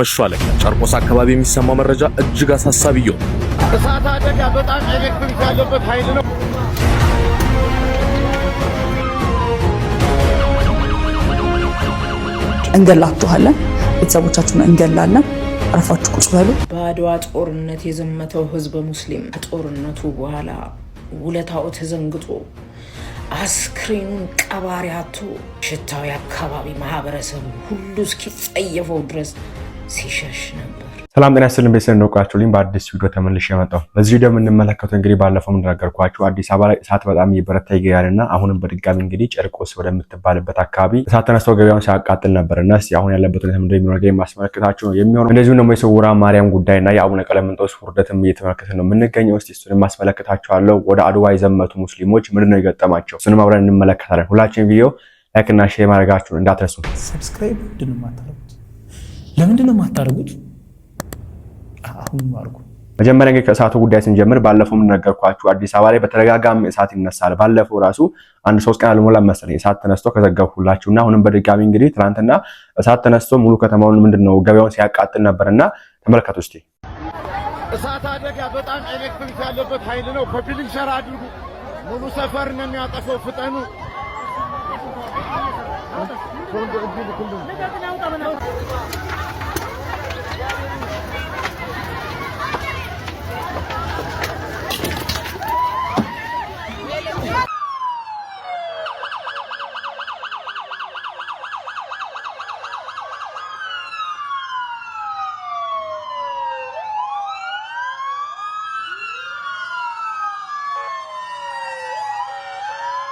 መሻለ ጨርቆስ አካባቢ የሚሰማው መረጃ እጅግ አሳሳቢ ነው። እሳት አደጋ በጣም ኤሌክትሪክ ያለበት ኃይል ነው። እንገላችኋለን፣ ቤተሰቦቻችሁን እንገላለን። አረፋችሁ ቁጭ በሉ። በአድዋ ጦርነት የዘመተው ህዝበ ሙስሊም ከጦርነቱ በኋላ ውለታው ተዘንግጦ አስክሬኑን ቀባሪ አቶ ሽታዊ አካባቢ ማህበረሰብ ሁሉ እስኪጸየፈው ድረስ ሲሸሽ ነበር። ሰላም ጤና ይስጥልን ቤተሰብ እንደውቃችሁ ልኝ በአዲስ ቪዲዮ ተመልሼ መጣሁ። በዚህ ቪዲዮ የምንመለከተው እንግዲህ ባለፈው እንደነገርኳችሁ አዲስ አበባ ላይ እሳት በጣም እየበረታ ይገኛል እና አሁንም በድጋሚ እንግዲህ ጨርቆስ ወደምትባልበት አካባቢ እሳት ተነስቶ ገበያውን ሲያቃጥል ነበር እና አሁን ያለበት ሁኔታ ምንድን የሚኖር ነገር የማስመለከታችሁ ነው የሚሆነው። እንደዚሁም ደግሞ የስውራ ማርያም ጉዳይ እና የአቡነ ቀለምንጦስ ውርደትም እየተመለከተ ነው የምንገኘው። እስኪ እሱንም ማስመለከታችኋለሁ። ወደ አድዋ የዘመቱ ሙስሊሞች ምንድን ነው የገጠማቸው? እሱንም አብረን እንመለከታለን። ሁላችን ቪዲዮ ላይክ እና ሼር ማድረጋችሁን እንዳትረሱ። ሰብስክራይብ ለምንድን ነው የማታደርጉት? አሁን አድርጉ። መጀመሪያ እንግዲህ ከእሳቱ ጉዳይ ስንጀምር ባለፈው የምንነገርኳችሁ አዲስ አበባ ላይ በተደጋጋሚ እሳት ይነሳል። ባለፈው ራሱ አንድ ሶስት ቀን አልሞላ መሰለኝ እሳት ተነስቶ ከዘገብኩላችሁ እና አሁንም በድጋሚ እንግዲህ ትናንትና እሳት ተነስቶ ሙሉ ከተማውን ምንድን ነው ገበያውን ሲያቃጥል ነበር እና ተመልከቱ እስኪ። እሳት አደጋ በጣም ኤሌክትሪክ ያለበት ኃይል ነው። በቢሊንግ ሸራ አድርጉ። ሙሉ ሰፈር ነው የሚያጠፈው። ፍጠኑ።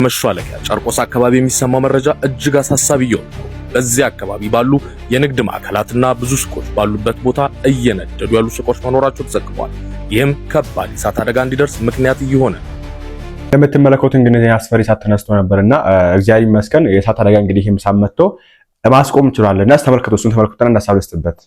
ከመሿለቂያ ጨርቆስ አካባቢ የሚሰማው መረጃ እጅግ አሳሳቢ እየሆነ በዚያ አካባቢ ባሉ የንግድ ማዕከላትና ብዙ ሱቆች ባሉበት ቦታ እየነደዱ ያሉ ሱቆች መኖራቸው ተዘግቧል። ይህም ከባድ የእሳት አደጋ እንዲደርስ ምክንያት እየሆነ የምትመለከቱት እንግዲህ አስፈሪ እሳት ተነስቶ ነበርና እግዚአብሔር ይመስገን የእሳት አደጋ እንግዲህ ይህም ሳመጥቶ ማስቆም እና ተመልከቱ። እሱን ተመልክተን እናሳብስጥበት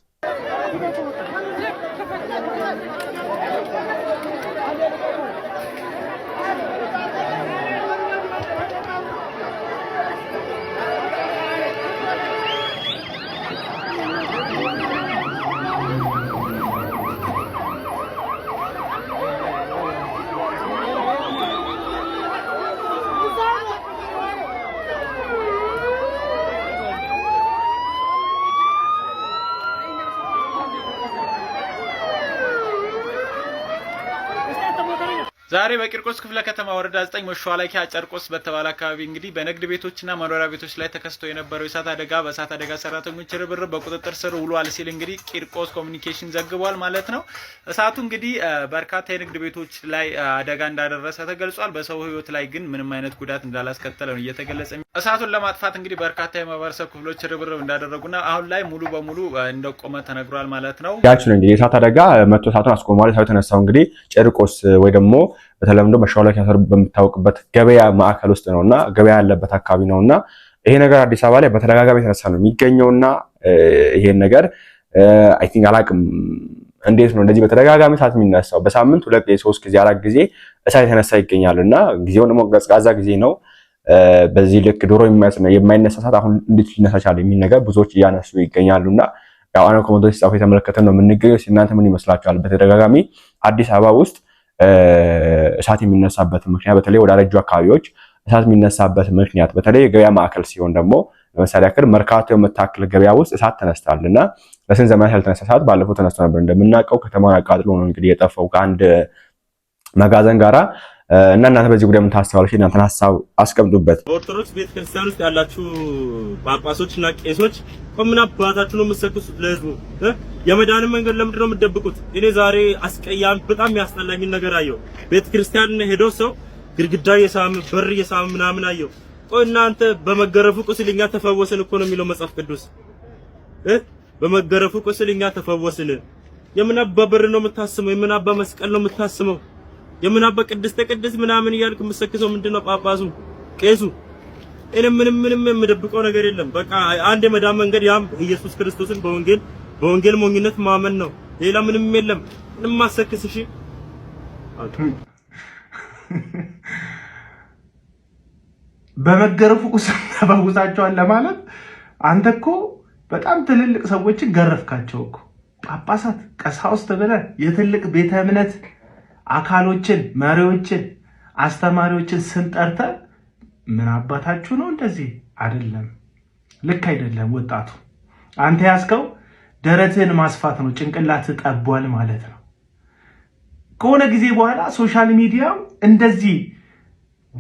ዛሬ በቂርቆስ ክፍለ ከተማ ወረዳ 9 መሿለኪያ ጨርቆስ በተባለ አካባቢ እንግዲህ በንግድ ቤቶችና መኖሪያ ቤቶች ላይ ተከስቶ የነበረው የእሳት አደጋ በእሳት አደጋ ሰራተኞች ርብርብ በቁጥጥር ስር ውሏል ሲል እንግዲህ ቂርቆስ ኮሚኒኬሽን ዘግቧል ማለት ነው። እሳቱ እንግዲህ በርካታ የንግድ ቤቶች ላይ አደጋ እንዳደረሰ ተገልጿል። በሰው ሕይወት ላይ ግን ምንም አይነት ጉዳት እንዳላስከተለ ነው እየተገለጸ። እሳቱን ለማጥፋት እንግዲህ በርካታ የማህበረሰብ ክፍሎች ርብርብ እንዳደረጉና አሁን ላይ ሙሉ በሙሉ እንደቆመ ተነግሯል ማለት ነው። ያችን እንግዲህ የእሳት አደጋ መቶ እሳቱን አስቆሟል። እሳቱ የተነሳው እንግዲህ ጨርቆስ ወይ ደግሞ በተለምዶ በሸዋላ ቲያትር በምታወቅበት ገበያ ማዕከል ውስጥ ነው እና ገበያ ያለበት አካባቢ ነው እና ይሄ ነገር አዲስ አበባ ላይ በተደጋጋሚ የተነሳ ነው የሚገኘው እና ይሄን ነገር አይ ቲንክ አላቅም እንዴት ነው እንደዚህ በተደጋጋሚ ሰዓት የሚነሳው? በሳምንት ሁለት ጊዜ ሶስት ጊዜ አራት ጊዜ እሳት የተነሳ ይገኛል እና ጊዜውን ደግሞ ቀዝቃዛ ጊዜ ነው። በዚህ ልክ ዶሮ የማይነሳ ሰዓት አሁን እንዴት ሊነሳ ቻለ የሚል ነገር ብዙዎች እያነሱ ይገኛሉ እና ያው አነ ኮመንቶች ሲጻፉ የተመለከተ ነው የምንገኘው። እናንተ ምን ይመስላችኋል? በተደጋጋሚ አዲስ አበባ ውስጥ እሳት የሚነሳበት ምክንያት በተለይ ወደ አረጁ አካባቢዎች እሳት የሚነሳበት ምክንያት በተለይ የገበያ ማዕከል ሲሆን ደግሞ ለምሳሌ ያክል መርካቶ የምታክል ገበያ ውስጥ እሳት ተነስታል እና ለስንት ዘመናት ያልተነሳ እሳት ባለፈው ተነስቶ ነበር። እንደምናውቀው ከተማን አቃጥሎ ነው እንግዲህ የጠፋው ከአንድ መጋዘን ጋራ እና እናንተ በዚህ ጉዳይ ምን ታስባላችሁ? እናንተን ሀሳብ አስቀምጡበት። በኦርቶዶክስ ቤተክርስቲያን ውስጥ ያላችሁ ጳጳሶች እና ቄሶች ቆምና አባታችሁ ነው የምትሰክሱት ለህዝቡ የመዳንን መንገድ ለምንድን ነው የምትደብቁት? እኔ ዛሬ አስቀያም በጣም የሚያስጠላኝ ነገር አየሁ። ቤተክርስቲያን ሄዶ ሰው ግድግዳ እየሳመ በር እየሳመ ምናምን አየሁ። ቆይ እናንተ በመገረፉ ቁስል እኛ ተፈወስን እኮ ነው የሚለው መጽሐፍ ቅዱስ እ በመገረፉ ቁስል እኛ ተፈወስን። የምናባ በር ነው የምታስመው? የምናባ መስቀል ነው የምታስመው? የምናበ ቅድስተ ቅድስት ምናምን እያልክ የምትሰክሰው ምንድነው? ጳጳሱ ቄሱ እኔ ምንም ምንም የምደብቀው ነገር የለም። በቃ አንድ የመዳን መንገድ ያም ኢየሱስ ክርስቶስን በወንጌል በወንጌል ሞኝነት ማመን ነው። ሌላ ምንም የለም። ምንም ማሰክስ እሺ። በመገረፉ ቁሳቸዋል ለማለት አንተ እኮ በጣም ትልልቅ ሰዎችን ገረፍካቸው እኮ ጳጳሳት፣ ቀሳውስት ብለህ የትልቅ ቤተ እምነት አካሎችን፣ መሪዎችን፣ አስተማሪዎችን ስንጠርተ ምን አባታችሁ ነው እንደዚህ አይደለም፣ ልክ አይደለም። ወጣቱ አንተ ያዝከው ደረትህን ማስፋት ነው። ጭንቅላት ጠቧል ማለት ነው። ከሆነ ጊዜ በኋላ ሶሻል ሚዲያው እንደዚህ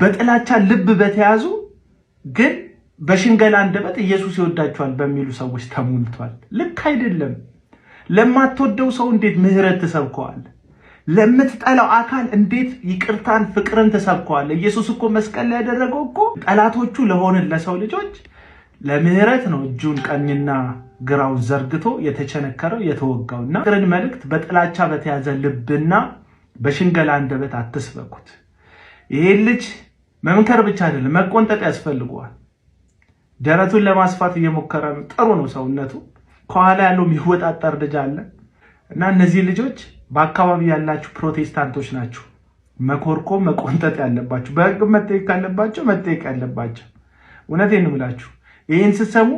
በጥላቻ ልብ በተያዙ ግን በሽንገላ አንደበት ኢየሱስ ይወዳቸዋል በሚሉ ሰዎች ተሞልቷል። ልክ አይደለም። ለማትወደው ሰው እንዴት ምህረት ትሰብከዋል? ለምትጠላው አካል እንዴት ይቅርታን ፍቅርን ተሰብከዋል? ኢየሱስ እኮ መስቀል ላይ ያደረገው እኮ ጠላቶቹ ለሆንን ለሰው ልጆች ለምህረት ነው። እጁን ቀኝና ግራው ዘርግቶ የተቸነከረው የተወጋው እና ፍቅርን መልእክት በጥላቻ በተያዘ ልብና በሽንገላ አንደበት አትስበኩት። ይሄን ልጅ መምከር ብቻ አይደለም መቆንጠጥ ያስፈልገዋል። ደረቱን ለማስፋት እየሞከረ ነው። ጥሩ ነው ሰውነቱ። ከኋላ ያለውም ይወጣጠር ልጅ አለ እና እነዚህ ልጆች በአካባቢ ያላችሁ ፕሮቴስታንቶች ናችሁ መኮርኮ መቆንጠጥ ያለባችሁ። በህግ መጠየቅ ካለባቸው መጠየቅ ያለባቸው። እውነቴን ነው የምላችሁ። ይህን ስትሰሙ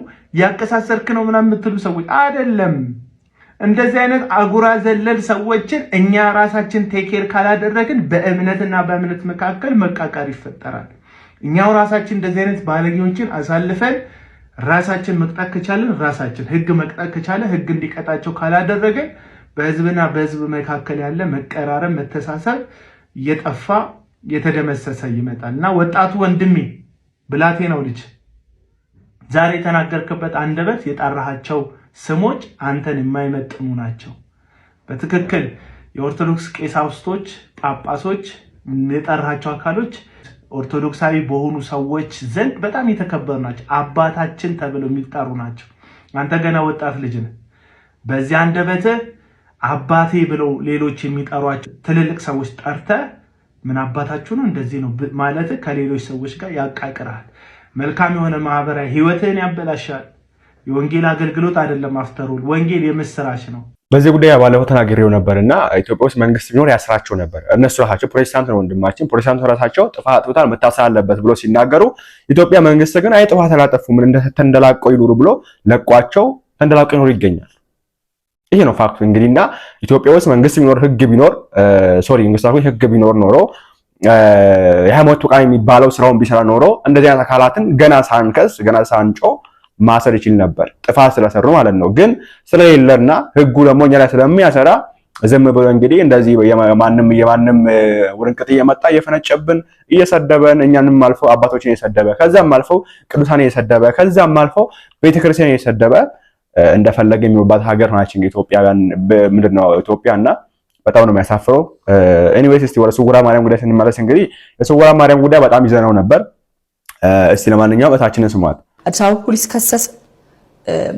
ያቀሳሰርክ ነው ምናምን የምትሉ ሰዎች አይደለም። እንደዚህ አይነት አጉራ ዘለል ሰዎችን እኛ ራሳችን ቴኬር ካላደረግን በእምነትና በእምነት መካከል መቃቀር ይፈጠራል። እኛው ራሳችን እንደዚህ አይነት ባለጌዎችን አሳልፈን ራሳችን መቅጣት ከቻለን ራሳችን ህግ መቅጣት ከቻለ ህግ እንዲቀጣቸው ካላደረግን በህዝብና በህዝብ መካከል ያለ መቀራረብ፣ መተሳሰብ እየጠፋ እየተደመሰሰ ይመጣል እና ወጣቱ ወንድሜ ብላቴ ነው ልጅ ዛሬ የተናገርክበት አንደበት የጠራሃቸው ስሞች አንተን የማይመጥኑ ናቸው። በትክክል የኦርቶዶክስ ቄሳውስቶች፣ ጳጳሶች የጠራቸው አካሎች ኦርቶዶክሳዊ በሆኑ ሰዎች ዘንድ በጣም የተከበሩ ናቸው። አባታችን ተብለው የሚጠሩ ናቸው። አንተ ገና ወጣት ልጅ ነህ። በዚህ አንደበትህ አባቴ ብለው ሌሎች የሚጠሯቸው ትልልቅ ሰዎች ጠርተ ምን አባታችሁ ነው እንደዚህ ነው ማለት ከሌሎች ሰዎች ጋር ያቃቅራል። መልካም የሆነ ማህበራዊ ህይወትህን ያበላሻል። የወንጌል አገልግሎት አይደለም አፍተሮል ወንጌል የምስራች ነው። በዚህ ጉዳይ ባለፈው ተናግሬው ነበር እና ኢትዮጵያ ውስጥ መንግስት ቢኖር ያስራቸው ነበር። እነሱ ራሳቸው ፕሮቴስታንት ነው ወንድማችን፣ ፕሮቴስታንቱ ራሳቸው ጥፋት አጥፍታል መታሰር አለበት ብሎ ሲናገሩ ኢትዮጵያ መንግስት ግን አይ ጥፋት አላጠፉም እንደተንደላቀው ይኑሩ ብሎ ለቋቸው ተንደላቀው ይኖሩ ይገኛል። ይሄ ነው ፋክቱ እንግዲህ እና ኢትዮጵያ ውስጥ መንግስት ቢኖር ህግ ቢኖር ሶሪ መንግስታዊ ህግ ቢኖር ኖሮ የሃይማኖት ተቋም የሚባለው ስራውን ቢሰራ ኖሮ እንደዚህ አይነት አካላትን ገና ሳንከስ ገና ሳንጮ ማሰር ይችል ነበር፣ ጥፋት ስለሰሩ ማለት ነው። ግን ስለሌለና ህጉ ደግሞ እኛ ላይ ስለሚያሰራ ዝም ብሎ እንግዲህ እንደዚህ የማንም የማንም ውርንቅጥ እየመጣ እየፈነጨብን እየሰደበን እኛንም አልፎ አባቶችን እየሰደበ ከዛም አልፎ ቅዱሳን እየሰደበ ከዛም አልፎ ቤተክርስቲያን እየሰደበ እንደፈለገ የሚውባት ሀገር ናችን ኢትዮጵያውያን ምንድን ነው ኢትዮጵያ እና በጣም ነው የሚያሳፍረው። ኤኒዌይስ እስቲ ወደ ስውራ ማርያም ጉዳይ ስንመለስ እንግዲህ የስውራ ማርያም ጉዳይ በጣም ይዘነው ነበር። እስቲ ለማንኛውም እታችንን ስሟት። አዲስ አበባ ፖሊስ ከሰስ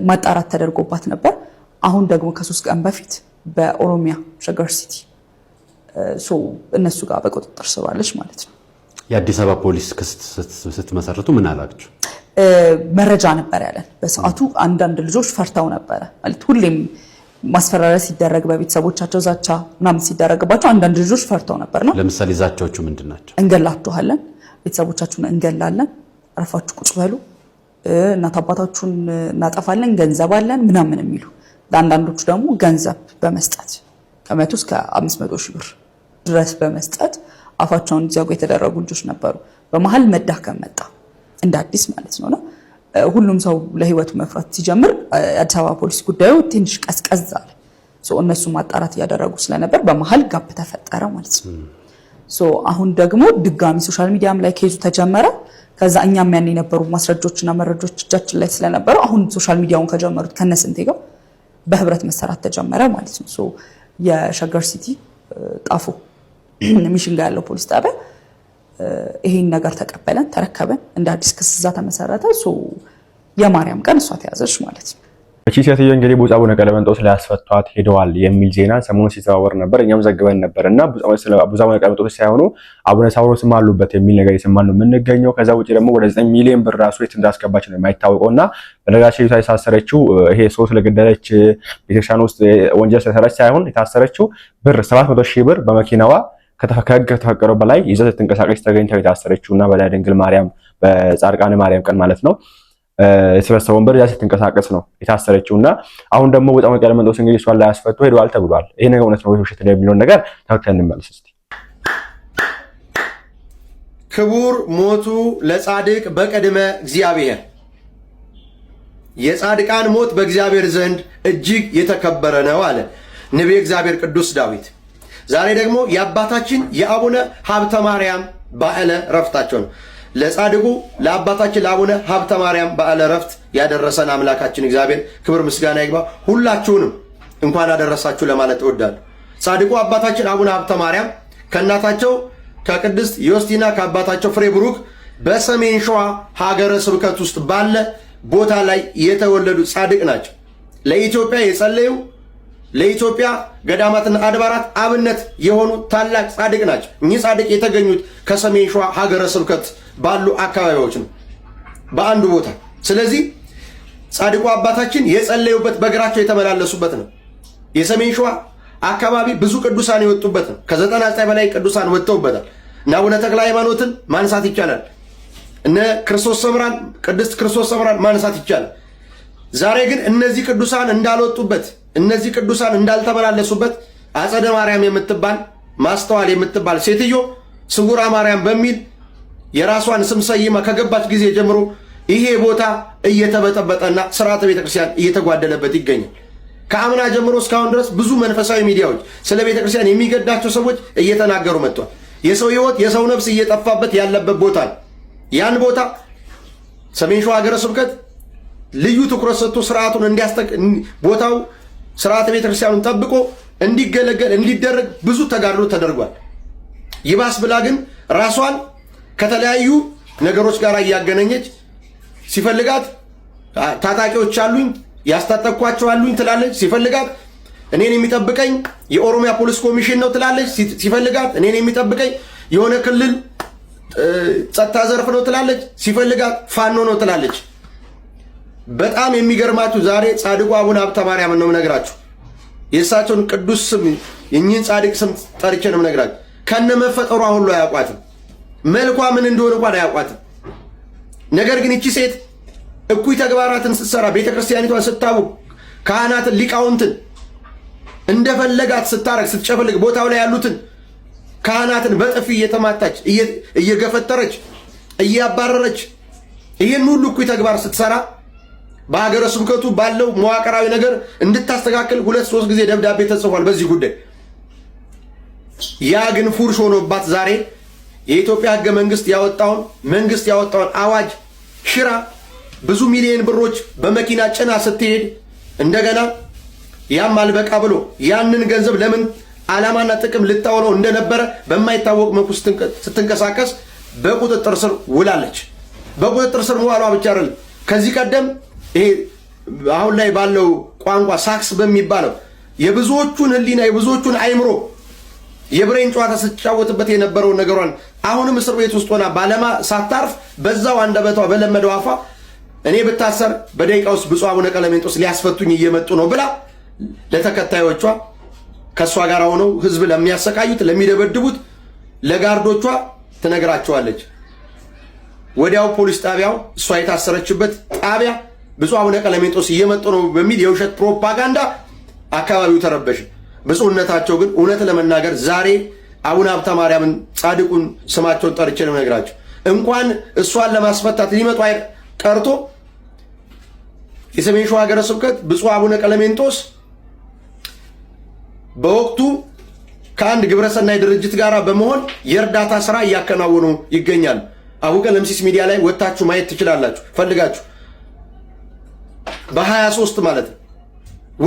ማጣራት ተደርጎባት ነበር። አሁን ደግሞ ከሶስት ቀን በፊት በኦሮሚያ ሸገር ሲቲ እነሱ ጋር በቁጥጥር ስባለች ማለት ነው። የአዲስ አበባ ፖሊስ ክስ ስትመሰርቱ ምን አላችሁ? መረጃ ነበር ያለን። በሰዓቱ አንዳንድ ልጆች ፈርተው ነበረ ማለት ሁሌም ማስፈራሪያ ሲደረግ በቤተሰቦቻቸው ዛቻ ምናምን ሲደረግባቸው አንዳንድ ልጆች ፈርተው ነበር ነው። ለምሳሌ ዛቻዎቹ ምንድን ናቸው? እንገላችኋለን፣ ቤተሰቦቻችሁን እንገላለን፣ ረፋችሁ ቁጭ በሉ፣ እናት አባታችሁን እናጠፋለን፣ ገንዘብ አለን ምናምን የሚሉ ለአንዳንዶቹ ደግሞ ገንዘብ በመስጠት ከመቶ እስከ አምስት መቶ ሺህ ብር ድረስ በመስጠት አፋቸውን እንዲዘጉ የተደረጉ ልጆች ነበሩ። በመሀል መዳከም መጣ። እንደ አዲስ ማለት ነው። ሁሉም ሰው ለህይወቱ መፍራት ሲጀምር አዲስ አበባ ፖሊስ ጉዳዩ ትንሽ ቀዝቀዝ አለ። እነሱ ማጣራት እያደረጉ ስለነበር በመሀል ጋፕ ተፈጠረ ማለት ነው። አሁን ደግሞ ድጋሚ ሶሻል ሚዲያም ላይ ከይዙ ተጀመረ። ከዛ እኛም ያን የነበሩ ማስረጃዎችና መረጃዎች እጃችን ላይ ስለነበረ አሁን ሶሻል ሚዲያውን ከጀመሩት ከነስንቴ ጋር በህብረት መሰራት ተጀመረ ማለት ነው። የሸገር ሲቲ ጣፎ ሚሽን ጋር ያለው ፖሊስ ጣቢያ ይሄን ነገር ተቀበለን፣ ተረከበን፣ እንደ አዲስ ክስ እዛ ተመሰረተ። የማርያም ቀን እሷ ተያዘች ማለት ነው። እቺ ሴትዮ እንግዲህ ቡጻቡነ ቀለመንጦስ ሊያስፈቷት ሄደዋል የሚል ዜና ሰሞኑን ሲዘዋወር ነበር፣ እኛም ዘግበን ነበር እና ቡጻቡነ ቀለመንጦስ ሳይሆኑ አቡነ ሳዊሮስም አሉበት የሚል ነገር የሰማን ነው የምንገኘው። ከዛ ውጭ ደግሞ ወደ ዘጠኝ ሚሊዮን ብር ራሱ የት እንዳስገባች ነው የማይታወቀው እና በነገራችን ላይ የታሰረችው ይሄ ሰው ስለገደለች ቤተክርስቲያን ውስጥ ወንጀል ስለሰራች ሳይሆን የታሰረችው ብር ሰባት መቶ ሺህ ብር በመኪናዋ ከህግ ከተፈቀደው በላይ ይዛ ስትንቀሳቀስ ተገኝታ የታሰረችው እና በላይ ድንግል ማርያም በጻድቃነ ማርያም ቀን ማለት ነው የተሰበሰበ ወንበር ይዛ ስትንቀሳቀስ ነው የታሰረችው እና አሁን ደግሞ ወጣ በጣም ቀለመንጦስ እንግዲህ እሷን ላይ አስፈቶ ሄደዋል ተብሏል። ይሄ ነገር እውነት ነው ውሸት ነው የሚለውን ነገር ተከታተል እንመለስ እስቲ። ክቡር ሞቱ ለጻድቅ በቅድመ እግዚአብሔር የጻድቃን ሞት በእግዚአብሔር ዘንድ እጅግ የተከበረ ነው አለ ነቢየ እግዚአብሔር ቅዱስ ዳዊት። ዛሬ ደግሞ የአባታችን የአቡነ ሀብተ ማርያም በዓለ ረፍታቸው ነው። ለጻድቁ ለአባታችን ለአቡነ ሀብተ ማርያም በዓለ ረፍት ያደረሰን አምላካችን እግዚአብሔር ክብር ምስጋና ይግባ። ሁላችሁንም እንኳን አደረሳችሁ ለማለት እወዳለሁ። ጻድቁ አባታችን አቡነ ሀብተ ማርያም ከእናታቸው ከቅድስት ዮስቲና ከአባታቸው ፍሬ ብሩክ በሰሜን ሸዋ ሀገረ ስብከት ውስጥ ባለ ቦታ ላይ የተወለዱ ጻድቅ ናቸው። ለኢትዮጵያ የጸለዩ ለኢትዮጵያ ገዳማትና አድባራት አብነት የሆኑ ታላቅ ጻድቅ ናቸው። እኚህ ጻድቅ የተገኙት ከሰሜን ሸዋ ሀገረ ስብከት ባሉ አካባቢዎች ነው፣ በአንዱ ቦታ። ስለዚህ ጻድቁ አባታችን የጸለዩበት በእግራቸው የተመላለሱበት ነው። የሰሜን ሸዋ አካባቢ ብዙ ቅዱሳን የወጡበት ነው። ከዘጠና ዘጠኝ በላይ ቅዱሳን ወጥተውበታል እና አቡነ ተክለ ሃይማኖትን ማንሳት ይቻላል። እነ ክርስቶስ ሰምራን፣ ቅድስት ክርስቶስ ሰምራን ማንሳት ይቻላል። ዛሬ ግን እነዚህ ቅዱሳን እንዳልወጡበት እነዚህ ቅዱሳን እንዳልተመላለሱበት አጸደ ማርያም የምትባል ማስተዋል የምትባል ሴትዮ ስውራ ማርያም በሚል የራሷን ስም ሰይማ ከገባች ጊዜ ጀምሮ ይሄ ቦታ እየተበጠበጠና ስርዓተ ቤተክርስቲያን እየተጓደለበት ይገኛል። ከአምና ጀምሮ እስካሁን ድረስ ብዙ መንፈሳዊ ሚዲያዎች ስለ ቤተክርስቲያን የሚገዳቸው ሰዎች እየተናገሩ መጥቷል። የሰው ህይወት የሰው ነፍስ እየጠፋበት ያለበት ቦታ ነው። ያን ቦታ ሰሜን ሸዋ ሀገረ ስብከት ልዩ ትኩረት ሰጥቶ ስርዓቱን እንዲያስተ ቦታው ስርዓተ ቤተክርስቲያኑን ጠብቆ እንዲገለገል እንዲደረግ ብዙ ተጋድሎ ተደርጓል። ይባስ ብላ ግን ራሷን ከተለያዩ ነገሮች ጋር እያገናኘች ሲፈልጋት ታጣቂዎች አሉኝ ያስታጠቅኳቸው አሉኝ ትላለች። ሲፈልጋት እኔን የሚጠብቀኝ የኦሮሚያ ፖሊስ ኮሚሽን ነው ትላለች። ሲፈልጋት እኔን የሚጠብቀኝ የሆነ ክልል ጸጥታ ዘርፍ ነው ትላለች። ሲፈልጋት ፋኖ ነው ትላለች። በጣም የሚገርማችሁ ዛሬ ጻድቁ አቡነ ሀብተ ማርያም ነው የምነግራችሁ። የእሳቸውን ቅዱስ ስም የእኚህን ጻድቅ ስም ጠርቼ ነው የምነግራችሁ። ከነ መፈጠሯ ሁሉ አያውቋትም። መልኳ ምን እንደሆነ እንኳን አያውቋትም። ነገር ግን እቺ ሴት እኩይ ተግባራትን ስትሰራ፣ ቤተክርስቲያኒቷን ስታውቅ፣ ካህናትን ሊቃውንትን እንደፈለጋት ስታረግ፣ ስትጨፈልግ፣ ቦታው ላይ ያሉትን ካህናትን በጥፊ እየተማታች እየገፈተረች እያባረረች ይህን ሁሉ እኩይ ተግባር ስትሰራ በሀገረ ስብከቱ ባለው መዋቅራዊ ነገር እንድታስተካክል ሁለት ሶስት ጊዜ ደብዳቤ ተጽፏል በዚህ ጉዳይ። ያ ግን ፉርሽ ሆኖባት ዛሬ የኢትዮጵያ ህገ መንግስት ያወጣውን መንግስት ያወጣውን አዋጅ ሽራ ብዙ ሚሊዮን ብሮች በመኪና ጭና ስትሄድ እንደገና ያም አልበቃ ብሎ ያንን ገንዘብ ለምን ዓላማና ጥቅም ልታውለው እንደነበረ በማይታወቅ መልኩ ስትንቀሳቀስ በቁጥጥር ስር ውላለች። በቁጥጥር ስር መዋሏ ብቻ አይደለም ከዚህ ቀደም ይሄ አሁን ላይ ባለው ቋንቋ ሳክስ በሚባለው የብዙዎቹን ህሊና የብዙዎቹን አይምሮ የብሬን ጨዋታ ስትጫወትበት የነበረውን ነገሯን አሁንም እስር ቤት ውስጥ ሆና ባለማ ሳታርፍ በዛው አንደበቷ በለመደው አፏ እኔ ብታሰር በደቂቃ ውስጥ ብፁዕ አቡነ ቀለሜንጦስ ሊያስፈቱኝ እየመጡ ነው ብላ ለተከታዮቿ ከእሷ ጋር ሆነው ህዝብ ለሚያሰቃዩት ለሚደበድቡት ለጋርዶቿ ትነግራቸዋለች። ወዲያው ፖሊስ ጣቢያው እሷ የታሰረችበት ጣቢያ ብፁዕ አቡነ ቀለሜንጦስ እየመጡ ነው በሚል የውሸት ፕሮፓጋንዳ አካባቢው ተረበሸ። ብፁዕነታቸው ግን እውነት ለመናገር ዛሬ አቡነ ሀብተ ማርያምን ጻድቁን ስማቸውን ጠርቼ ነው ነግራቸው እንኳን እሷን ለማስፈታት ሊመጡ ቀርቶ የሰሜን ሸዋ ሀገረ ስብከት ብፁዕ አቡነ ቀለሜንጦስ በወቅቱ ከአንድ ግብረሰናይ ድርጅት ጋር በመሆን የእርዳታ ስራ እያከናወኑ ይገኛል። አቡነ ሚዲያ ላይ ወጥታችሁ ማየት ትችላላችሁ ፈልጋችሁ በ23 ማለት ነው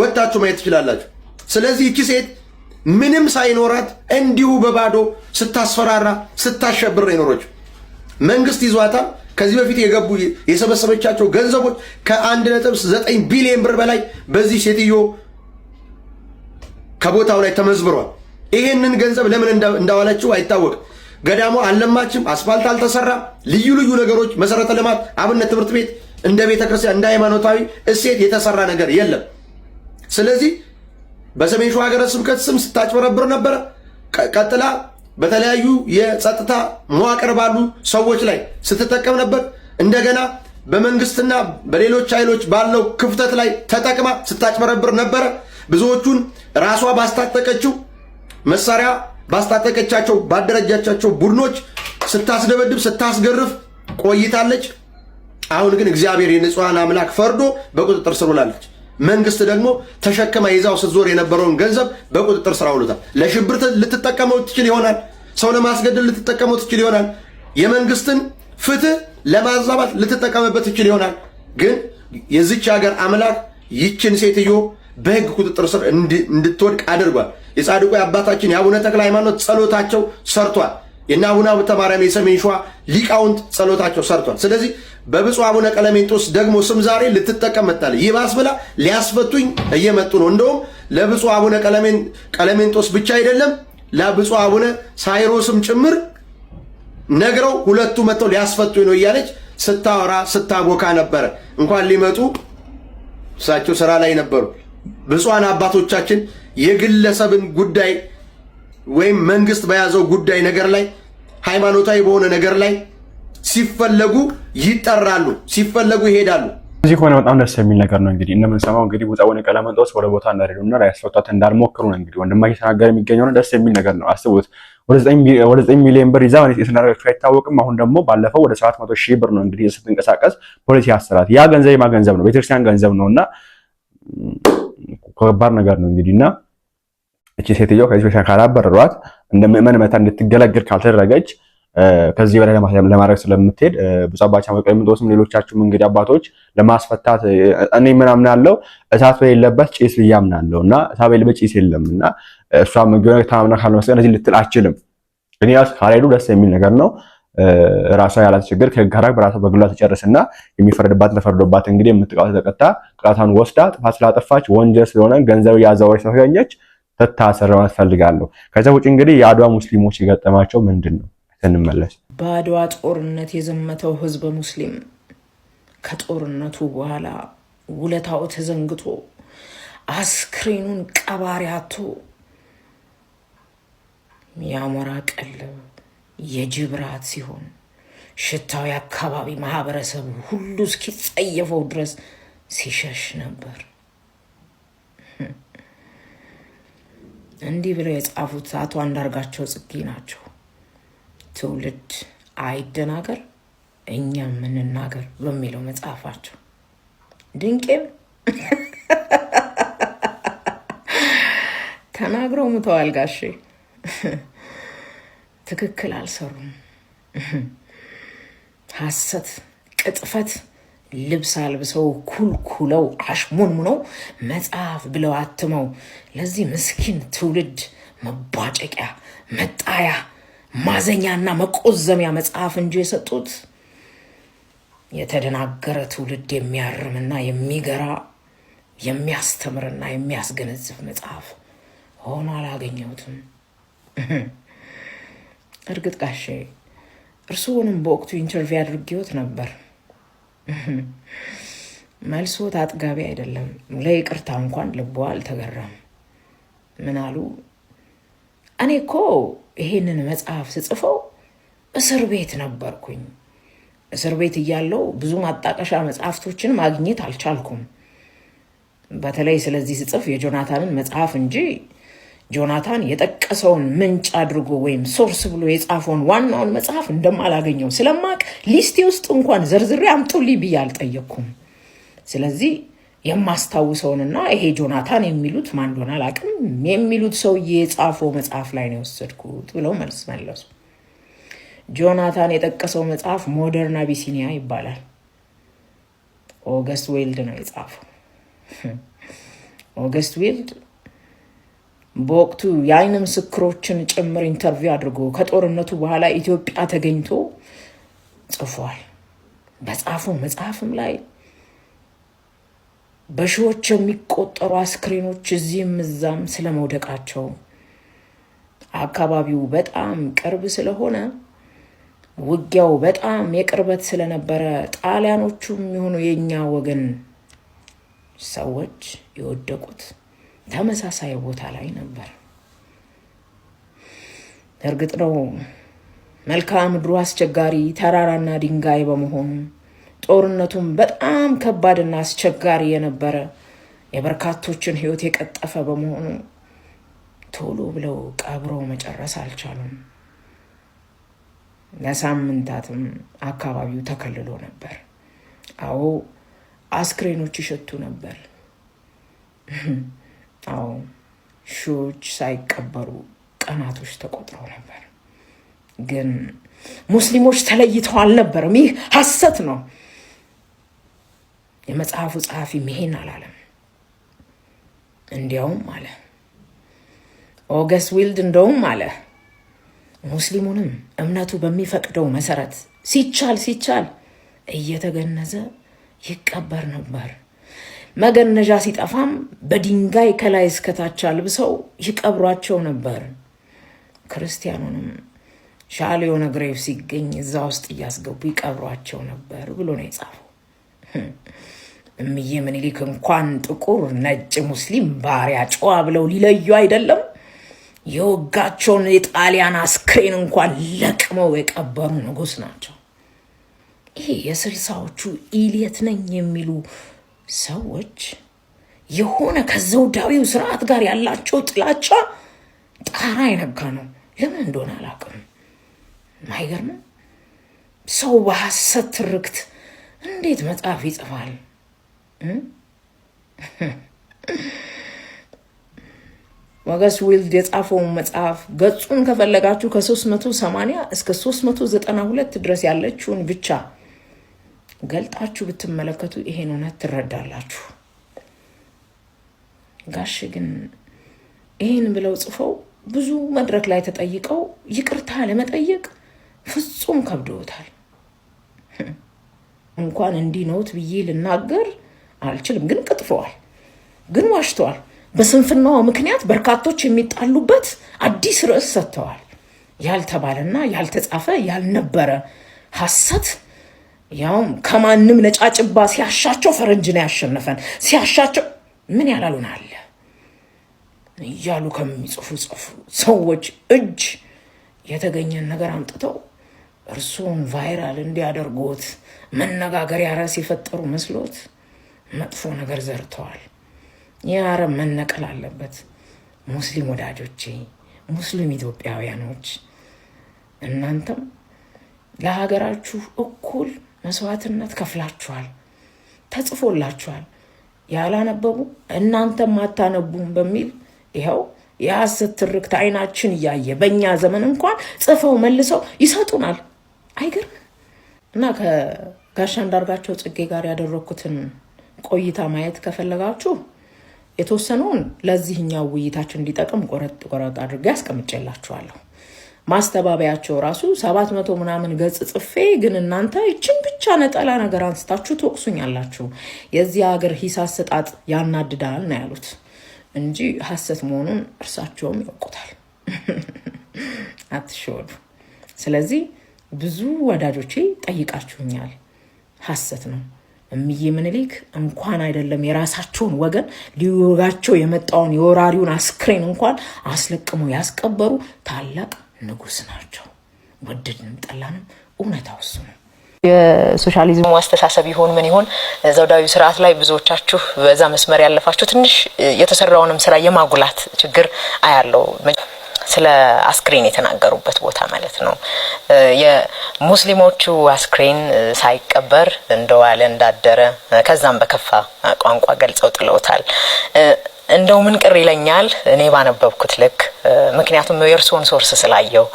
ወጥታችሁ ማየት ትችላላችሁ። ስለዚህ ይቺ ሴት ምንም ሳይኖራት እንዲሁ በባዶ ስታስፈራራ ስታሸብር ነው የኖረች። መንግስት ይዟታል። ከዚህ በፊት የገቡ የሰበሰበቻቸው ገንዘቦች ከአንድ ነጥብ ዘጠኝ ቢሊዮን ብር በላይ በዚህ ሴትዮ ከቦታው ላይ ተመዝብሯል። ይሄንን ገንዘብ ለምን እንዳዋለችው አይታወቅም። ገዳሟ አልለማችም፣ አስፋልት አልተሰራም፣ ልዩ ልዩ ነገሮች መሰረተ ልማት አብነት ትምህርት ቤት እንደ ቤተ ክርስቲያን እንደ ሃይማኖታዊ እሴት የተሰራ ነገር የለም። ስለዚህ በሰሜን ሸዋ ሀገረ ስብከት ስም ስታጭበረብር ነበረ። ቀጥላ በተለያዩ የጸጥታ መዋቅር ባሉ ሰዎች ላይ ስትጠቀም ነበር። እንደገና በመንግስትና በሌሎች ኃይሎች ባለው ክፍተት ላይ ተጠቅማ ስታጭበረብር ነበረ። ብዙዎቹን ራሷ ባስታጠቀችው መሳሪያ ባስታጠቀቻቸው ባደረጃቻቸው ቡድኖች ስታስደበድብ ስታስገርፍ ቆይታለች። አሁን ግን እግዚአብሔር የንጹሐን አምላክ ፈርዶ በቁጥጥር ስር ውላለች። መንግስት ደግሞ ተሸክማ ይዛው ስትዞር የነበረውን ገንዘብ በቁጥጥር ስር አውሎታል። ለሽብር ልትጠቀመው ትችል ይሆናል። ሰው ለማስገደል ልትጠቀመው ትችል ይሆናል። የመንግስትን ፍትህ ለማዛባት ልትጠቀምበት ትችል ይሆናል። ግን የዚች ሀገር አምላክ ይችን ሴትዮ በህግ ቁጥጥር ስር እንድትወድቅ አድርጓል። የጻድቁ አባታችን የአቡነ ተክለ ሃይማኖት ጸሎታቸው ሰርቷል። የእነ አቡነ ሐብተ ማርያም የሰሜን ሸዋ ሊቃውንት ጸሎታቸው ሰርቷል። ስለዚህ በብፁዕ አቡነ ቀለሜንጦስ ደግሞ ስም ዛሬ ልትጠቀም መጣለ ይህ ብላ ሊያስፈቱኝ እየመጡ ነው። እንደውም ለብፁዕ አቡነ ቀለሜንጦስ ብቻ አይደለም ለብፁዕ አቡነ ሳይሮስም ጭምር ነግረው ሁለቱ መጥተው ሊያስፈቱኝ ነው እያለች ስታወራ ስታቦካ ነበረ። እንኳን ሊመጡ እሳቸው ስራ ላይ ነበሩ። ብፁዓን አባቶቻችን የግለሰብን ጉዳይ ወይም መንግስት በያዘው ጉዳይ ነገር ላይ ሃይማኖታዊ በሆነ ነገር ላይ ሲፈለጉ ይጠራሉ፣ ሲፈለጉ ይሄዳሉ። እዚህ ከሆነ በጣም ደስ የሚል ነገር ነው። እንግዲህ እንደምንሰማው እንግዲህ ቡጣ ወደ ቀለመንጦስ ወደ ቦታ እንዳልሄዱና ሊያስፈቷት እንዳልሞክሩ ነው እንግዲህ ወንድማ እየተናገረ የሚገኘው ነው። ደስ የሚል ነገር ነው። አስቡት ወደ ዘጠኝ ሚሊዮን ብር ይዛ የተናገረችው አይታወቅም። አሁን ደግሞ ባለፈው ወደ ሰባት መቶ ሺህ ብር ነው እንግዲህ ስትንቀሳቀስ ፖሊሲ ያሰራት። ያ ገንዘብ የማ ገንዘብ ነው? ቤተክርስቲያን ገንዘብ ነው እና ከባድ ነገር ነው እንግዲህ እና እቺ ሴትዮ ከዚህ በሻ ካላበረሯት እንደ ምእመን መታ እንድትገለግል ካልተደረገች ከዚህ በላይ ለማድረግ ስለምትሄድ ብፁዕ አባታችን ቀሌምንጦስም ሌሎቻችሁም እንግዲህ አባቶች ለማስፈታት እኔ ምን አምናለሁ፣ እሳት በሌለበት ጭስ ብዬ አምናለሁ። እና እሳት በሌለበት ጭስ የለም እና እሷ ምግብ ታምና ካልመስቀል እዚህ ልትል አችልም። እኔ ያስ ካልሄዱ ደስ የሚል ነገር ነው። ራሷ ያላት ችግር ከጋራ በራሷ በግሏ ትጨርስና የሚፈረድባት ተፈርዶባት እንግዲህ የምትቀጣ ተቀጣ ቅጣቷን ወስዳ ጥፋት ስላጠፋች ወንጀል ስለሆነ ገንዘብ እያዘዋወረች ተገኘች። ልታሰረባት ፈልጋለሁ። ከዛ ውጭ እንግዲህ የአድዋ ሙስሊሞች የገጠማቸው ምንድን ነው? እንመለስ። በአድዋ ጦርነት የዘመተው ህዝበ ሙስሊም ከጦርነቱ በኋላ ውለታው ተዘንግቶ አስክሬኑን ቀባሪ አቶ የአሞራ ቀለብ የጅብራት ሲሆን ሽታው የአካባቢ ማህበረሰቡ ሁሉ እስኪጸየፈው ድረስ ሲሸሽ ነበር። እንዲህ ብለው የጻፉት አቶ አንዳርጋቸው ጽጌ ናቸው። ትውልድ አይደናገር እኛም እንናገር በሚለው መጽሐፋቸው ድንቄም ተናግረው ሙተዋል። ጋሼ ትክክል አልሰሩም። ሀሰት ቅጥፈት ልብስ አልብሰው ኩልኩለው አሽሞንሙነው መጽሐፍ ብለው አትመው ለዚህ ምስኪን ትውልድ መቧጨቂያ መጣያ ማዘኛና መቆዘሚያ መጽሐፍ እንጂ የሰጡት የተደናገረ ትውልድ የሚያርምና የሚገራ የሚያስተምርና የሚያስገነዝብ መጽሐፍ ሆኖ አላገኘሁትም። እርግጥ ጋሼ እርስዎንም በወቅቱ ኢንተርቪው አድርጌዎት ነበር። መልሶት አጥጋቢ አይደለም። ለይቅርታ እንኳን ልቦ አልተገራም። ምን አሉ? እኔ እኮ ይሄንን መጽሐፍ ስጽፈው እስር ቤት ነበርኩኝ። እስር ቤት እያለው ብዙ ማጣቀሻ መጽሐፍቶችን ማግኘት አልቻልኩም። በተለይ ስለዚህ ስጽፍ የጆናታንን መጽሐፍ እንጂ ጆናታን የጠቀሰውን ምንጭ አድርጎ ወይም ሶርስ ብሎ የጻፈውን ዋናውን መጽሐፍ እንደማላገኘው ስለማቅ ሊስቴ ውስጥ እንኳን ዘርዝሬ አምጡልኝ ብዬ አልጠየቅኩም። ስለዚህ የማስታውሰውንና ይሄ ጆናታን የሚሉት ማን እንደሆነ የሚሉት ሰውዬ የጻፈው መጽሐፍ ላይ ነው የወሰድኩት ብለው መልስ መለሱ። ጆናታን የጠቀሰው መጽሐፍ ሞደርን አቢሲኒያ ይባላል። ኦገስት ዌልድ ነው የጻፈው። ኦገስት ዌልድ በወቅቱ የአይን ምስክሮችን ጭምር ኢንተርቪው አድርጎ ከጦርነቱ በኋላ ኢትዮጵያ ተገኝቶ ጽፏል። በጻፈው መጽሐፍም ላይ በሺዎች የሚቆጠሩ አስክሬኖች እዚህም እዛም ስለመውደቃቸው አካባቢው በጣም ቅርብ ስለሆነ ውጊያው በጣም የቅርበት ስለነበረ ጣሊያኖቹም የሆኑ የእኛ ወገን ሰዎች የወደቁት ተመሳሳይ ቦታ ላይ ነበር። እርግጥ ነው መልክዓ ምድሩ አስቸጋሪ ተራራና ድንጋይ በመሆኑ ጦርነቱም በጣም ከባድና አስቸጋሪ የነበረ የበርካቶችን ሕይወት የቀጠፈ በመሆኑ ቶሎ ብለው ቀብረው መጨረስ አልቻሉም። ለሳምንታትም አካባቢው ተከልሎ ነበር። አዎ አስክሬኖች ይሸቱ ነበር። አዎ ሺዎች ሳይቀበሩ ቀናቶች ተቆጥረው ነበር። ግን ሙስሊሞች ተለይተው አልነበረም። ይህ ሐሰት ነው። የመጽሐፉ ጸሐፊም ይሄን አላለም። እንዲያውም አለ ኦገስት ዊልድ እንደውም አለ ሙስሊሙንም እምነቱ በሚፈቅደው መሰረት ሲቻል ሲቻል እየተገነዘ ይቀበር ነበር። መገነዣ ሲጠፋም በድንጋይ ከላይ እስከታች አልብሰው ይቀብሯቸው ነበር። ክርስቲያኑንም ሻል የሆነ ግሬቭ ሲገኝ እዛ ውስጥ እያስገቡ ይቀብሯቸው ነበር ብሎ ነው የጻፈው። እምዬ ምኒልክ እንኳን ጥቁር፣ ነጭ፣ ሙስሊም፣ ባሪያ፣ ጨዋ ብለው ሊለዩ አይደለም የወጋቸውን የጣሊያን አስክሬን እንኳን ለቅመው የቀበሩ ንጉስ ናቸው። ይሄ የስልሳዎቹ ኢልየት ነኝ የሚሉ ሰዎች የሆነ ከዘውዳዊው ስርዓት ጋር ያላቸው ጥላቻ ጣራ የነጋ ነው። ለምን እንደሆነ አላውቅም። አይገርምም? ሰው በሐሰት ትርክት እንዴት መጽሐፍ ይጽፋል? ሞገስ ዊልድ የጻፈውን መጽሐፍ ገጹን ከፈለጋችሁ ከ380 እስከ 392 ድረስ ያለችውን ብቻ ገልጣችሁ ብትመለከቱ ይሄን እውነት ትረዳላችሁ። ጋሽ ግን ይህን ብለው ጽፈው ብዙ መድረክ ላይ ተጠይቀው ይቅርታ ለመጠየቅ ፍጹም ከብዶታል። እንኳን እንዲህ ነውት ብዬ ልናገር አልችልም። ግን ቅጥፈዋል ግን ዋሽተዋል። በስንፍናዋ ምክንያት በርካቶች የሚጣሉበት አዲስ ርዕስ ሰጥተዋል። ያልተባለና ያልተጻፈ ያልነበረ ሐሰት ያውም ከማንም ነጫጭባ ሲያሻቸው ፈረንጅ ነው ያሸነፈን፣ ሲያሻቸው ምን ያላሉን አለ እያሉ ከሚጽፉ ጽፉ ሰዎች እጅ የተገኘን ነገር አምጥተው እርሱን ቫይራል እንዲያደርጉት መነጋገሪያ ርዕስ የፈጠሩ መስሎት መጥፎ ነገር ዘርተዋል። ያረ መነቀል አለበት። ሙስሊም ወዳጆቼ፣ ሙስሊም ኢትዮጵያውያኖች እናንተም ለሀገራችሁ እኩል መስዋዕትነት ከፍላችኋል፣ ተጽፎላችኋል። ያላነበቡ እናንተም አታነቡም በሚል ይኸው የሐሰት ትርክት አይናችን እያየ በእኛ ዘመን እንኳን ጽፈው መልሰው ይሰጡናል። አይገርም እና ከጋሻ እንዳርጋቸው ጽጌ ጋር ያደረግኩትን ቆይታ ማየት ከፈለጋችሁ የተወሰነውን ለዚህኛው ውይይታችን እንዲጠቅም ቆረጥ ቆረጥ አድርጌ አስቀምጬላችኋለሁ። ማስተባበያቸው ራሱ ሰባት መቶ ምናምን ገጽ ጽፌ ግን እናንተ ይችን ብቻ ነጠላ ነገር አንስታችሁ ትወቅሱኛላችሁ፣ የዚህ ሀገር ሂስ አሰጣጥ ያናድዳል ነው ያሉት እንጂ ሀሰት መሆኑን እርሳቸውም ያውቁታል። አትሸወዱ። ስለዚህ ብዙ ወዳጆቼ ጠይቃችሁኛል፣ ሀሰት ነው እምዬ ምኒልክ እንኳን አይደለም የራሳቸውን ወገን ሊወጋቸው የመጣውን የወራሪውን አስክሬን እንኳን አስለቅመው ያስቀበሩ ታላቅ ንጉስ ናቸው። ወደድንም ጠላንም እውነታው እሱ ነው። የሶሻሊዝሙ አስተሳሰብ ይሆን ምን ይሆን ዘውዳዊ ስርዓት ላይ ብዙዎቻችሁ በዛ መስመር ያለፋችሁ ትንሽ የተሰራውንም ስራ የማጉላት ችግር አያለው። ስለ አስክሬን የተናገሩበት ቦታ ማለት ነው። የሙስሊሞቹ አስክሬን ሳይቀበር እንደዋለ እንዳደረ ከዛም በከፋ ቋንቋ ገልጸው ጥለውታል። እንደው ምን ቅር ይለኛል እኔ ባነበብኩት ልክ፣ ምክንያቱም የእርሶን ሶርስ ስላየው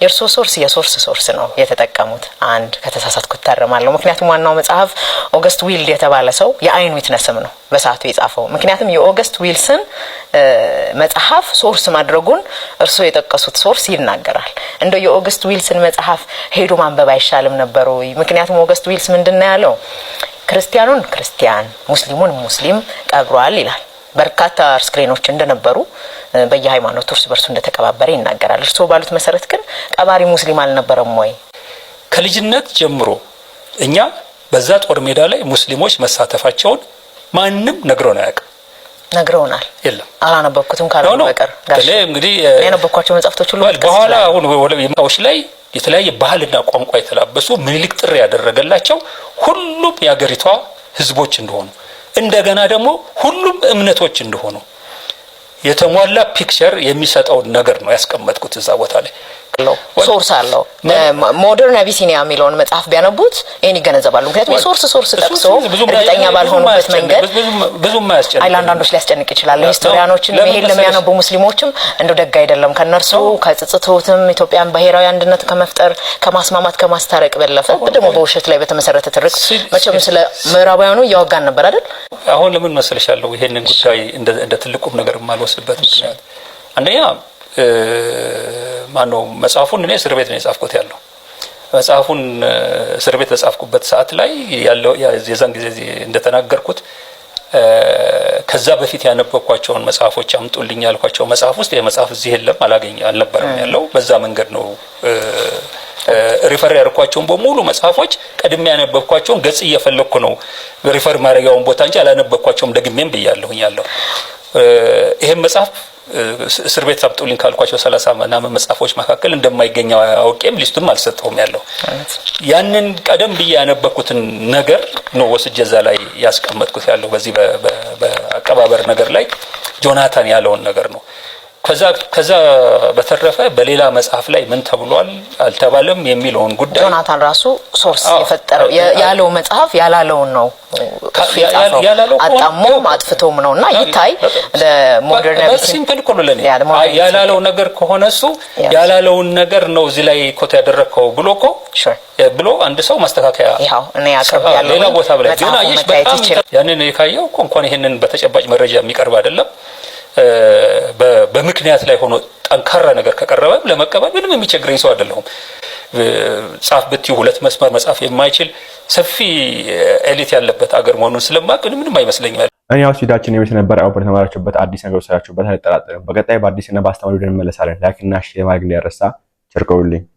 የእርሶ ሶርስ የሶርስ ሶርስ ነው የተጠቀሙት። አንድ ከተሳሳትኩ እታረማለሁ። ምክንያቱም ዋናው መጽሐፍ ኦገስት ዊልድ የተባለ ሰው የአይን ዊትነስም ነው በሰዓቱ የጻፈው። ምክንያቱም የኦገስት ዊልስን መጽሐፍ ሶርስ ማድረጉን እርሶ የጠቀሱት ሶርስ ይናገራል። እንደው የኦገስት ዊልስን መጽሐፍ ሄዶ ማንበብ አይሻልም ነበሩ? ምክንያቱም ኦገስት ዊልስ ምንድን ነው ያለው? ክርስቲያኑን ክርስቲያን ሙስሊሙን ሙስሊም ቀብሯል ይላል በርካታ ስክሪኖች እንደነበሩ በየሃይማኖቱ እርስ በርሱ እንደተቀባበረ ይናገራል። እርስዎ ባሉት መሰረት ግን ቀባሪ ሙስሊም አልነበረም ወይ? ከልጅነት ጀምሮ እኛ በዛ ጦር ሜዳ ላይ ሙስሊሞች መሳተፋቸውን ማንም ነግሮን አያውቅም። ነግረውናል። የለም አላነበብኩትም ካልሆነ በቀር እንግዲህ ያነበብኳቸው መጽሐፍቶች ሁሉ በኋላ አሁን ወለቃዎች ላይ የተለያየ ባህልና ቋንቋ የተላበሱ ምኒልክ ጥሪ ያደረገላቸው ሁሉም የአገሪቷ ህዝቦች እንደሆኑ እንደገና ደግሞ ሁሉም እምነቶች እንደሆኑ የተሟላ ፒክቸር የሚሰጠውን ነገር ነው ያስቀመጥኩት እዛ ቦታ ላይ። አለው፣ ሶርስ አለው። ሞደርን አቢሲኒያ የሚለውን መጽሐፍ ቢያነቡት ይህን ይገነዘባሉ። ምክንያቱም ሶርስ ጠቅሶ እርግጠኛ ባልሆኑበት መንገድ አንዳንዶች ሊያስጨንቅ ይችላል። ሂስቶሪያኖችን ይሄን ለሚያነቡ ሙስሊሞችም ደግ አይደለም። ከእነርሱ ከጽጽቶትም ኢትዮጵያን ብሔራዊ አንድነት ከመፍጠር ከማስማማት ከማስታረቅ በለፈ ደግሞ በውሸት ላይ በተመሰረተ ትርክ መቼም ስለ ምዕራባውያኑ እያወጋን ነበር አይደል? አሁን ለምን ይሄንን ጉዳይ እንደ ትልቁም ነገር የማልወስድበት ምክንያት አንደኛ ማነው መጽሐፉን እኔ እስር ቤት ነው የጻፍኩት ያለው መጽሐፉን እስር ቤት በጻፍኩበት ሰዓት ላይ ያለው የዛን ጊዜ እንደተናገርኩት ከዛ በፊት ያነበብኳቸውን መጽሐፎች አምጡልኝ ያልኳቸው መጽሐፍ ውስጥ የመጽሐፍ እዚህ የለም አላገኝ አልነበረም ያለው። በዛ መንገድ ነው ሪፈር ያደርኳቸውን በሙሉ መጽሐፎች ቀድሜ ያነበብኳቸውን ገጽ እየፈለግኩ ነው ሪፈር ማድረጊያውን ቦታ እንጂ አላነበብኳቸውም ደግሜም ብያለሁኝ ያለው ይህም መጽሐፍ እስር ቤት አምጡልኝ ካልኳቸው ሰላሳ ምናምን መጽሐፎች መካከል እንደማይገኝ አውቄም ሊስቱም አልሰጠውም ያለው ያንን ቀደም ብዬ ያነበኩትን ነገር ነው ወስጄ እዛ ላይ ያስቀመጥኩት ያለው በዚህ በአቀባበር ነገር ላይ ጆናታን ያለውን ነገር ነው። ከዛ ከዛ በተረፈ በሌላ መጽሐፍ ላይ ምን ተብሏል አልተባለም የሚለውን ጉዳይ ጆናታን ራሱ ሶርስ የፈጠረው ያለው መጽሐፍ ያላለውን ነው አጣሞም አጥፍቶም ነው እና ይታይ ሲምፕል እኮ ያላለው ነገር ከሆነ እሱ ያላለውን ነገር ነው እዚህ ላይ ኮት ያደረግከው ብሎ እኮ ብሎ አንድ ሰው ማስተካከያ ሌላ ቦታ ላይ ያንን የካየው እንኳን ይህንን በተጨባጭ መረጃ የሚቀርብ አይደለም። በምክንያት ላይ ሆኖ ጠንካራ ነገር ከቀረበ ለመቀበል ምንም የሚቸግረኝ ሰው አይደለሁም። ጻፍ ብትይ ሁለት መስመር መጻፍ የማይችል ሰፊ ኤሊት ያለበት አገር መሆኑን ስለማቅ ምንም አይመስለኝም። እኔ ያው ስዊዳችን የቤት ነበር አሁን በተማራችሁበት አዲስ ነገር ወሰዳችሁበት አልጠራጠርም። በቀጣይ በአዲስና በአስተማሪ እንመለሳለን። ላይክና ሼር ማድረግ እንዳይረሳ። ቸር